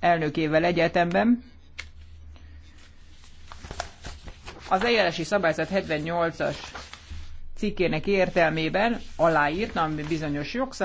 elnökével egyetemben. Az eljárási szabályzat 78-as cikkének értelmében aláírtam bizonyos jogszabályokat,